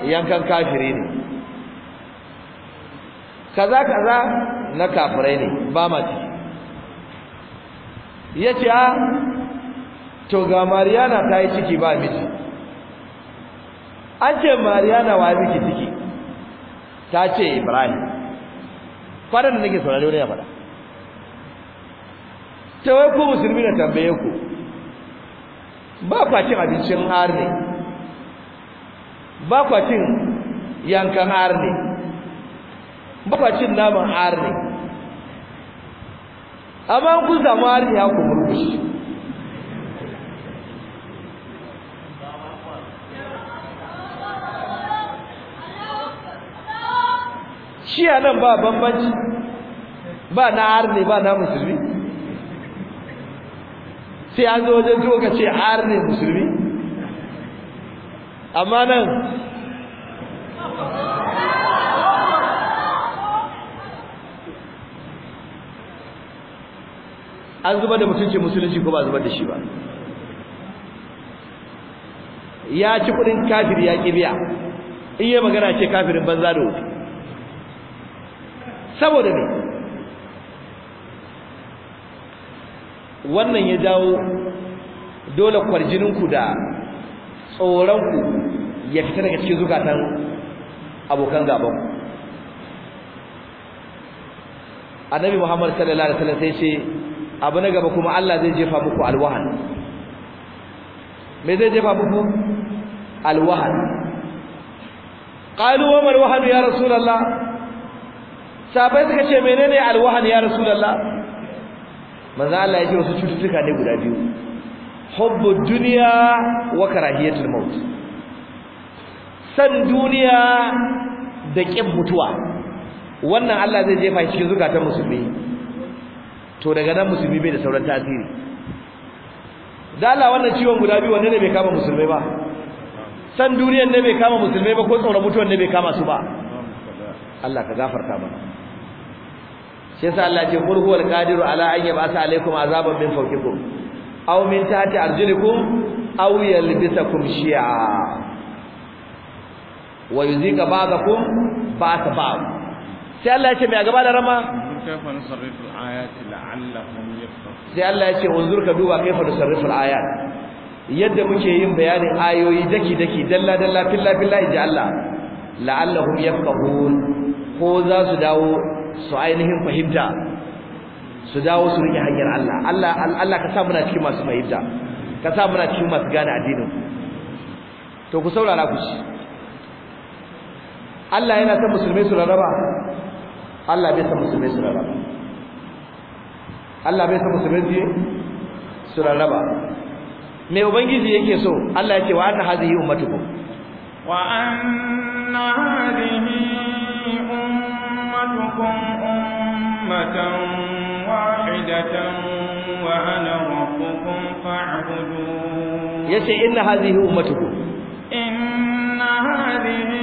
yankan kafiri ne kaza kaza na kafirai ne ba ma ciki ya ce a ah, to ga mariana ta yi ciki ba miji an ce mariana wa miki ciki ta ce ibrahim kwanan da nake saurari wani ya faɗa ta wai ku musulmi na tambaye ku ba kwa cin abincin har ne ba kwa cin yankan har ne ba kwa cin naman har ne amma kun samu ya ku murkushi shi a nan ba bambanci ba na arne ba na musulmi sai an zo wajen zuwa ka ce arne musulmi amma nan an zubar da mutunci musulunci ko ba zubar da shi ba ya ci kudin kafir ya ki biya in yi magana ce kafirin banza da wuce saboda ne wannan ya jawo dole kwarjininku da tsoronku ya fita daga cikin zukatan abokan gaban annabi muhammad sallallahu alaihi wasallam sai ce abu na gaba kuma Allah zai jefa muku alwahan me zai jefa muku alwahan qalu wa mal wahan ya rasulullah sabai suka ce menene alwahan ya rasulullah manzo Allah ya ce wasu cututtuka ne guda biyu hubbu dunya wa karahiyatul maut san duniya da kin mutuwa wannan Allah zai jefa shi cikin zukatan musulmi to daga nan musulmi bai da sauran tasiri da Allah wannan ciwon guda biyu wanda ne bai kama musulmai ba san duniyar ne bai kama musulmai ba ko tsoron mutuwar ne bai kama su ba Allah ka gafarta mana shi yasa Allah ce qul huwal qadiru ala an yab'atha alaykum azaban min fawqikum aw min tahti arjulikum aw yalbisakum shi'a wa yuzika ba'dakum ba'sa ba'd sai Allah ya ce mai gaba da rama kaifa nusarrifu al-ayati la'allahum yafqahun sai Allah yace ce unzur ka duba kaifa nusarrifu al-ayat yadda muke yin bayanin ayoyi daki daki dalla dalla filla filla inji Allah la'allahum yafqahun ko za su dawo su ainihin fahimta su dawo su rike hanyar Allah Allah Allah ka sa muna cikin masu fahimta ka sa muna cikin masu gane addinin to ku saurara ku ci Allah yana son musulmai su rarraba Allah bai san musulmi su raba. Allah bai san musulmi su raba. me ubangiji yake so Allah yake wa anna hadhihi ummatukum wa anna hadhihi ummatukum ummatan wahidatan wa ana rabbukum fa'budun yace inna hadhihi ummatukum inna hadhihi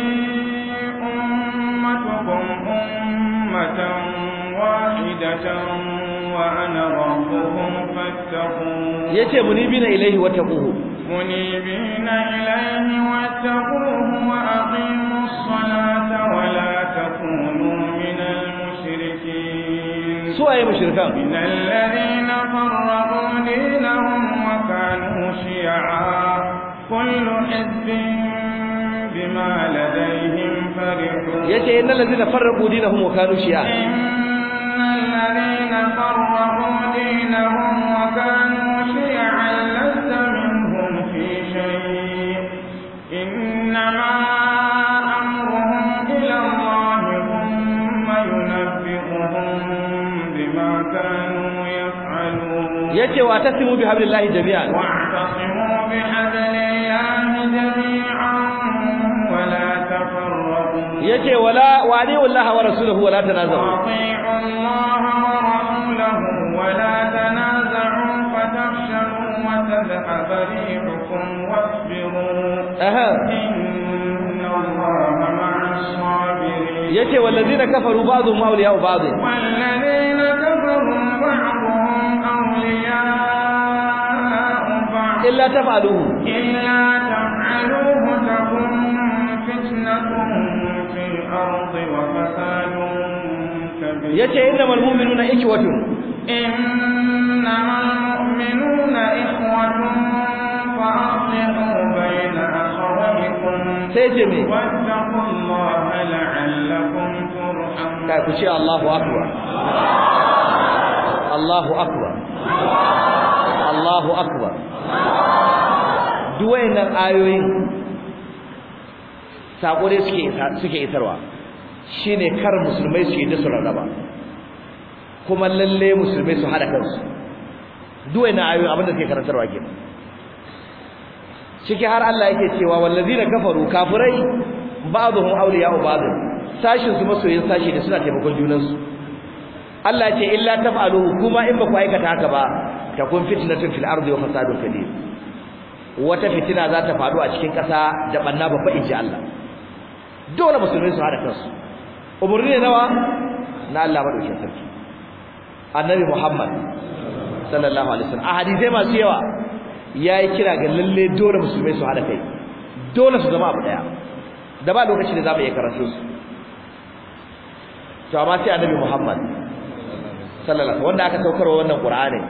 ummatukum ummatan أمة واحدة وأنا ربهم فاتقون يتي منيبين إليه واتقوه منيبين إليه واتقوه وأقيموا الصلاة ولا تكونوا من المشركين سوى مشركان من الذين فرقوا دينهم وكانوا شيعا كل حزب بما لديهم فرحون yace innal ladina farraqu dinahum wa kanu shi'a الذين فرقوا دينهم وكانوا شيعا لست منهم في شيء إنما أمرهم إلى الله ثم ينبئهم بما كانوا يفعلون واعتصموا بحبل الله جميعا واعتصموا بحبل واطيعوا الله ورسوله ولا تنازعوا واطيعوا الله ورسوله ولا تنازعوا فتفشلوا وتذهب ريحكم واصبروا إن الله مع الصابرين يتي والذين كفروا بعضهم أولياء بعض والذين كفروا بعضهم أولياء بعض إلا تفعلوه yace innamal mu'minuna ikhwatun innamal mu'minuna ikhwatun fa aslihu bayna akhawaykum sai ce me wattaqullaha la'allakum turhamun kai ku ce Allahu akbar Allahu akbar Allahu akbar duwayen ayoyin sako dai suke suke isarwa ne kar musulmai suke yi da su rarraba kuma lalle musulmai su hada kansu duwai na ayoyi abinda suke karantarwa ke ciki har Allah yake cewa wallazina kafaru kafirai ba'dhum awliya'u ba'd sashin su masoyin sashi da suna taimakon junansu Allah ce illa taf'alu kuma in ba ku aikata haka ba kun fitnatun fil ardi wa fasadun kabir wata fitina za ta faru a cikin ƙasa da banna babba inji Allah dole musulmai su hada kansu umurni nawa na Allah madaukakin sarki annabi Muhammad sallallahu alaihi wasallam a hadisai masu yawa yayi kira ga lalle dole musulmai su hada kai dole su zama abu daya da ba lokacin da za mu iya karanto su to amma sai annabi Muhammad sallallahu alaihi wanda aka saukarwa wannan Qur'ani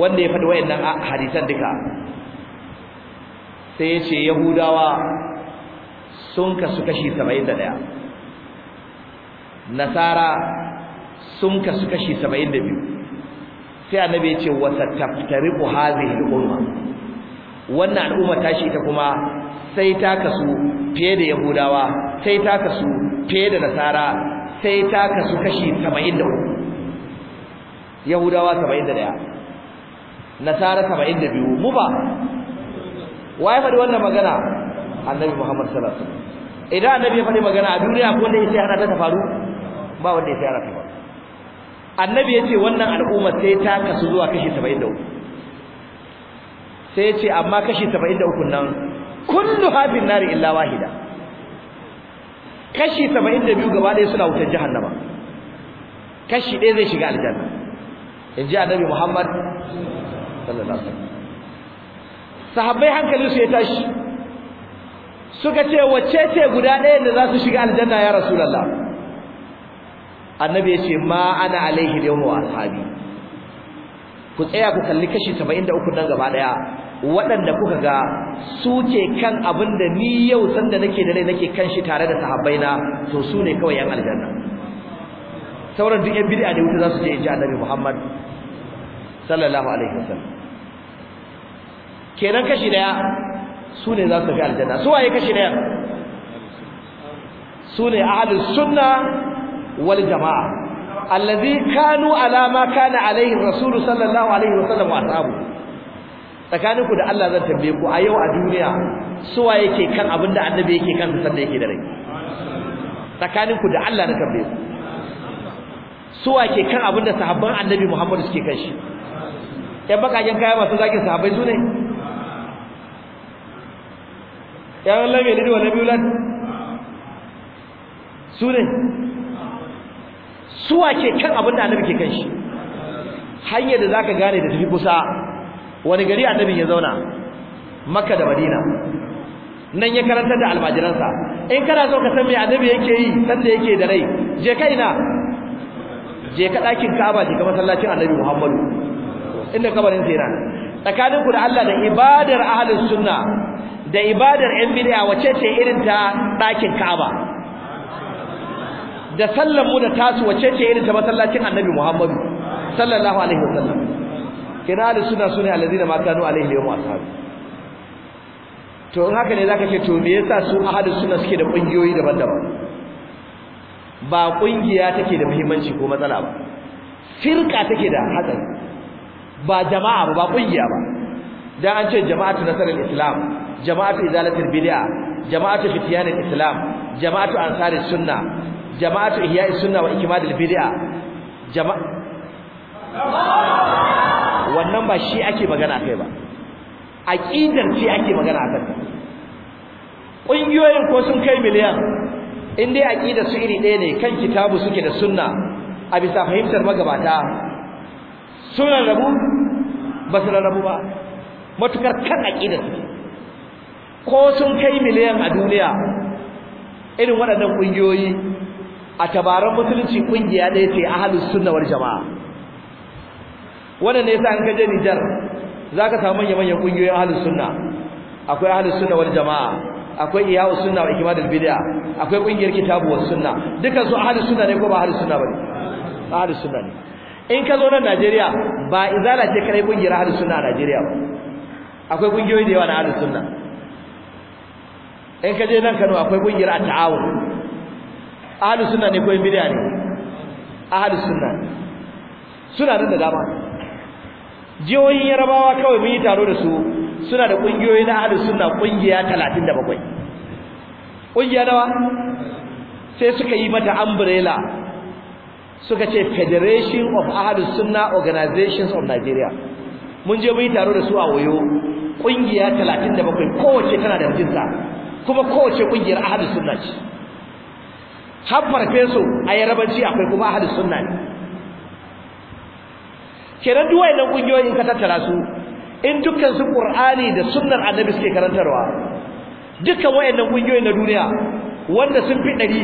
wanda ya faɗi wayannan hadisan duka sai yace Yahudawa sun kasu kashi 71 Nasara sun kasu kashi 72 sai annabi ya ce wa taftariqu hadhihi al-umma wannan al'umma tashi ta kuma sai ta kasu fiye da yahudawa sai ta kasu fiye da nasara sai ta kasu kashi 73 yahudawa 71 nasara 72 mu ba waye faɗi wannan magana annabi Muhammad sallallahu alaihi wasallam idan annabi ya faɗi magana a duniya ko wanda sai hana ta faru ba wanda ya sai hana ta annabi yace wannan al'umma sai ta kasu zuwa kashi 73 sai yace amma kashi 73 nan kullu hafin nari illa wahida kashi 72 gaba ɗaya suna wutar jahannama kashi ɗaya zai shiga aljanna in ji annabi muhammad sallallahu alaihi wasallam sahabbai hankalinsu ya tashi suka ce wacce ce guda ɗaya da za su shiga aljanna ya rasulullah annabi yace ma ana alaihi da yawa ashabi ku tsaya ku kalli kashi 73 dan gaba daya waɗanda kuka ga su ce kan abin da ni yau sanda nake da rai nake kan shi tare da sahabbaina to su ne kawai yan aljanna sauran duk yan bid'a da wuta za su je inji annabi Muhammad sallallahu alaihi wasallam kenan kashi daya su ne za su fi aljanna su waye kashi daya su ne ahlus sunna wal jama'a allazi kanu ala ma kana alaihi rasul sallallahu alaihi sallam wa ashabu tsakanin ku da Allah zan tambaye ku a yau a duniya suwa yake kan abin da annabi yake kan sanda yake da rai tsakanin ku da Allah na tambaye ku suwa ke kan abin da sahabban annabi Muhammad suke kan shi yan bakajen kaya masu zaki sahabbai su ne yan lamme ne wa wani biyu su ne suwa ke kan abin da annabi ke kan shi hanyar da zaka gane da tafi kusa wani gari annabi ya zauna makka da madina nan ya karanta da almajiransa in kana so ka san me annabi yake yi san da yake da rai je ka ina je ka dakin Ka'aba je ka masallacin Annabi Muhammadu inda kabarin sai yana tsakanin ku da Allah da ibadar ahlus sunna da ibadar yan bid'a wace ce irin ta ɗakin Ka'aba da sallan mu da tasu wace ce irin ta masallacin annabi Muhammadu sallallahu alaihi wasallam kina da suna sune alladina ma kanu alaihi yawm ashabi to in haka ne zaka ce to me yasa su ahadu suna suke da kungiyoyi daban-daban ba kungiya take da muhimmanci ko matsala ba firka take da hatsari ba jama'a ba ba kungiya ba dan an ce jama'atu nasarar islam jama'atu izalatul bid'a jama'atu fitiyanul islam jama'atu ansaris sunna jama'atu ihya'i sunna wa ikmalil bid'a jama'a wannan ba shi ake magana kai ba aqidar ce ake magana akan ta kungiyoyin ko sun kai miliyan in dai aqidar su iri ɗaya ne kan kitabu suke da sunna a bisa fahimtar magabata sunan rabu ba su rabu ba matukar kan aqidar su ko sun kai miliyan a duniya irin waɗannan kungiyoyi a tabaran musulunci kungiya ɗaya ce ahlus sunna wal jamaa wannan ne yasa an kaje Nijar zaka samu manyan manyan kungiyoyin ahlus sunna akwai ahlus sunna wal jamaa akwai iyawu sunna wa ikmadul bid'a akwai kungiyar kitabu was sunna dukan su ahlus sunna ne ko ba ahlus sunna bane ahlus sunna ne in ka zo nan Najeriya ba izala ce kai kungiyar ahlus sunna a Najeriya ba akwai kungiyoyi da yawa na ahlus sunna in ka je nan Kano akwai kungiyar at-ta'awun ahlus sunna ne ko yan bid'a ne ahlus sunna suna nan da dama jihohin yarabawa kawai mun yi taro da su suna da kungiyoyi na ahlus sunna kungiya 37 kungiya nawa sai suka yi mata umbrella suka ce federation of ahlus sunna organizations of nigeria mun je mun yi taro da su a wayo kungiya 37 kowace tana da jinsa kuma kowace kungiyar ahlus sunna ce har farfeso a yarabanci akwai kuma ahli sunna ne kenan duk wayannan kungiyoyin ka tattara su in dukkan su qur'ani da sunnar annabi suke karantarwa dukkan wayannan kungiyoyi na duniya wanda sun fi ɗari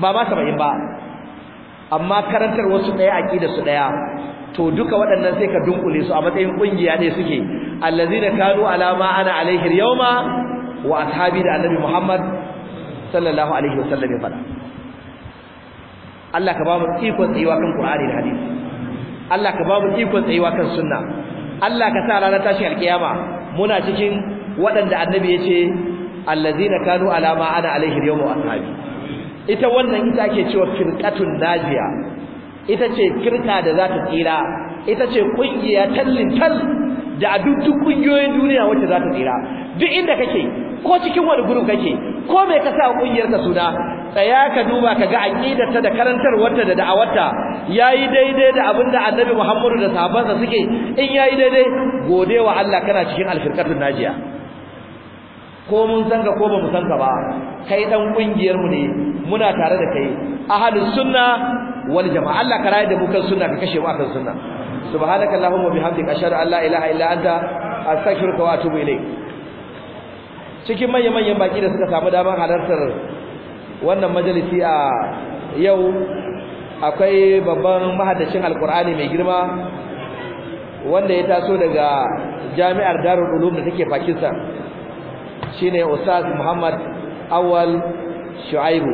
ba ma saba'in ba amma karantar wasu ɗaya aƙida su ɗaya to duka waɗannan sai ka dunkule su a matsayin ƙungiya ne suke allazina kanu alama ana alaihi yawma wa ashabi da annabi muhammad sallallahu alaihi wasallam ya faɗa Allah ka ba mu ikon tsayuwa kan Qur'ani da hadisi Allah ka ba mu ikon tsayuwa kan sunna Allah ka sa ranar tashi alkiyama muna cikin waɗanda annabi ya ce allazina kanu ala ma ana alaihi yawma wa ashabi ita wannan ita ake cewa firqatun najiya ita ce firka da za ta tsira ita ce kungiya tallin tal da duk duk kungiyoyin duniya wacce za ta tsira duk inda kake ko cikin wani gurin kake ko mai ka sa kungiyar ka suna tsaya ka duba ka ga aqidarta da karantar karantarwarta da da'awarta yayi daidai da abinda Annabi Muhammadu da sahabbansa suke in yayi daidai gode wa Allah kana cikin alfirqatul najiya ko mun san ko ba mu san ka ba kai dan kungiyar mu ne muna tare da kai ahlus sunna wal jamaa Allah ka raye da mu kan sunna ka kashe mu akan sunna subhanakallahumma bihamdika ashhadu an la ilaha illa anta astaghfiruka wa atubu ilaik cikin manyan manyan baki da suka samu damar halartar wannan majalisi a yau akwai babban mahaddacin alkur'ani mai girma wanda ya taso daga jami'ar darul ulum da take pakistan shine ustaz muhammad awal shu'aibu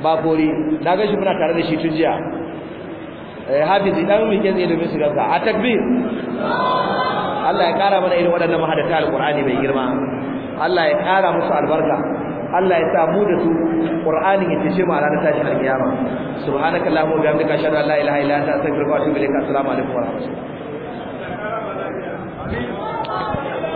bakori na ga shi muna tare da shi tun jiya eh, hafizi dan mu zai domin su gamsa a takbir Allah ya kara mana irin waɗannan mahaddata alkur'ani mai girma Allah ya kara musu albarka Allah ya sa mu da su Qur'ani ya tace mu a ranar tashin alkiyama subhanakallahumma wa bihamdika ashhadu an la ilaha illa anta astaghfiruka wa atubu ilaik assalamu alaikum wa rahmatullahi wa barakatuh